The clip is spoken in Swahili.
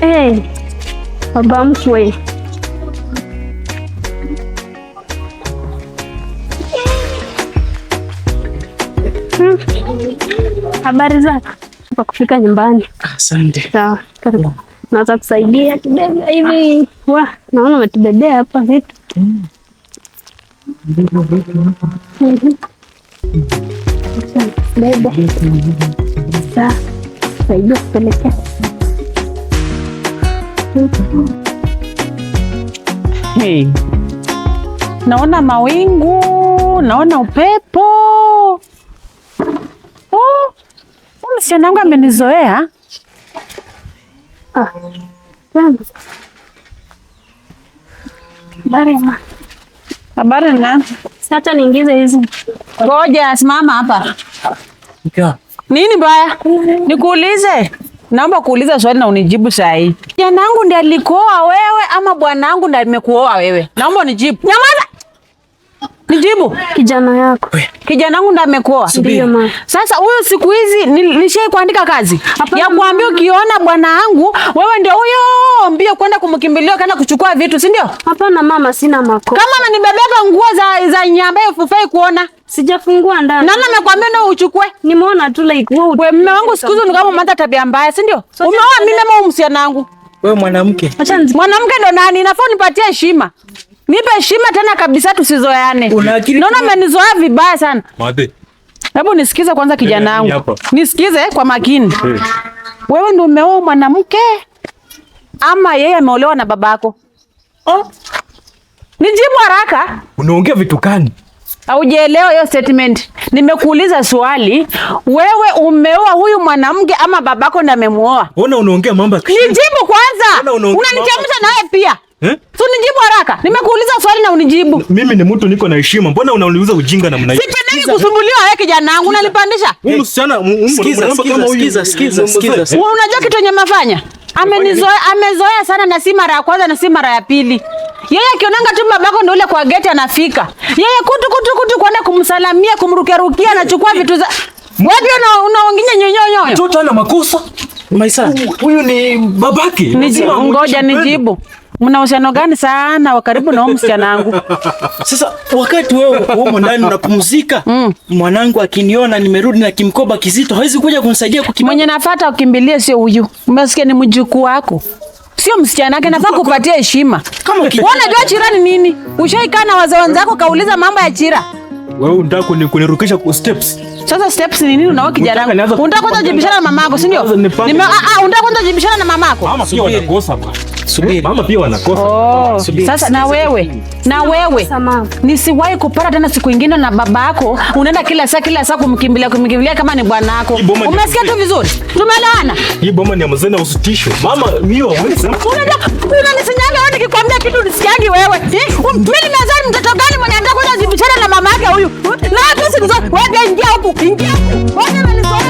Hey, baba mkwe, hmm, habari zako? Kwa kufika nyumbani. Asante. Sawa, Naweza kusaidia kibeba hivi? Wa, naona umetubebea hapa vitu mm-hmm. beba. Sawa, saidia kupelekea Hey. Naona mawingu, naona upepo. Oh, msichana wangu amenizoea. Ah. Habari na sasa niingize hizi. Ngoja simama hapa. Nini baya? Nikuulize Naomba kuuliza swali na unijibu sahi. Janangu ndiye alikuoa wewe ama bwanangu ndiye amekuoa wewe? Naomba unijibu. Nyamaza. Nijibu. Kijana yako. Kijanangu ndiye amekuoa. Ndio ma. Sasa huyo siku hizi nilishai kuandika kazi. Apana, ya kuambia ukiona bwanangu wewe ndio huyo mbio kwenda kumkimbilia kana kuchukua vitu, si ndio? Hapana mama, sina makosa. Kama ananibebeka nguo za za nyamba elfu fai kuona. Sijafungua ndani. Nani amekwambia na uchukue? Nimeona tu like wewe. Wewe mume wangu siku hizo ndio umeanza tabia mbaya, si ndio? So, umeoa mimi ama umsiana wangu? Wewe mwanamke. Mwanamke ndo nani? Nafaa unipatie heshima. Nipe heshima tena kabisa tusizoeane. Una akili? Naona umenizoea vibaya sana. Mate. Hebu nisikize kwanza kijana wangu. Nisikize kwa makini. Wewe ndio umeoa mwanamke ama yeye ameolewa na babako? Oh. Nijibu haraka. Unaongea vitu gani? Aujielewa hiyo statement. Nimekuuliza swali, wewe umeoa huyu mwanamke ama babako ndio amemuoa? Ona unaongea mambo ya kishirikina. Nijibu kwanza. Unanichemsha na wewe pia. Eh? So nijibu haraka. Nimekuuliza swali na unijibu. N Mimi ni mtu niko na heshima. Mbona unauliza ujinga namna hiyo? Sipendi kusumbuliwa wewe kijana wangu unanipandisha. Huyu msichana, sikiza, sikiza, sikiza, sikiza. Unajua kitu yenye mafanya? Amenizoea, amezoea sana na si mara ya kwanza na si mara ya pili. Yeye akionanga tu babako ndio ule kwa geti anafika. Yeye kutu kutu kutu kwenda kumsalamia, kumrukia rukia anachukua vitu za Wapi una unaonginya nyonyonyo? Mtoto ana makosa. Maisa. Huyu ni babake. nijibu ngoja nijibu. Mna uhusiano gani sana wa karibu na msichana wangu? Sasa wakati wewe umo ndani unapumzika, mm. mwanangu akiniona nimerudi na kimkoba kizito hawezi kuja kunisaidia kukimenya. Mwenye nafuata ukimbilie sio huyu. Umesikia ni mjukuu wako sio msichana yake, nafaa kukupatia heshima. Unajua chira ni nini? Ushaikaa na wazee wenzako kauliza mambo ya chira? Wewe unataka kunirukisha ku steps. Sasa steps ni nini unao kijana Unataka kwanza jibishana na mamako, si ndio? Nime ah ah, unataka kwanza jibishana na mamako. Mama pia wanakosa bwana. Subiri. Mama pia wanakosa. Oh. Subiri. Sasa na wewe, na wewe nisiwahi kupata tena siku nyingine na babako. Unaenda kila saa kila saa kumkimbilia kumkimbilia kama ni bwana wako. Umesikia tu vizuri? Tumeelewana? Hii boma ni mzee na usitisho. Mama mimi hawezi. Unanisinyaga wewe nikikwambia kitu nisikiangi wewe. Eh? Um, mimi No, voy a pillar un diao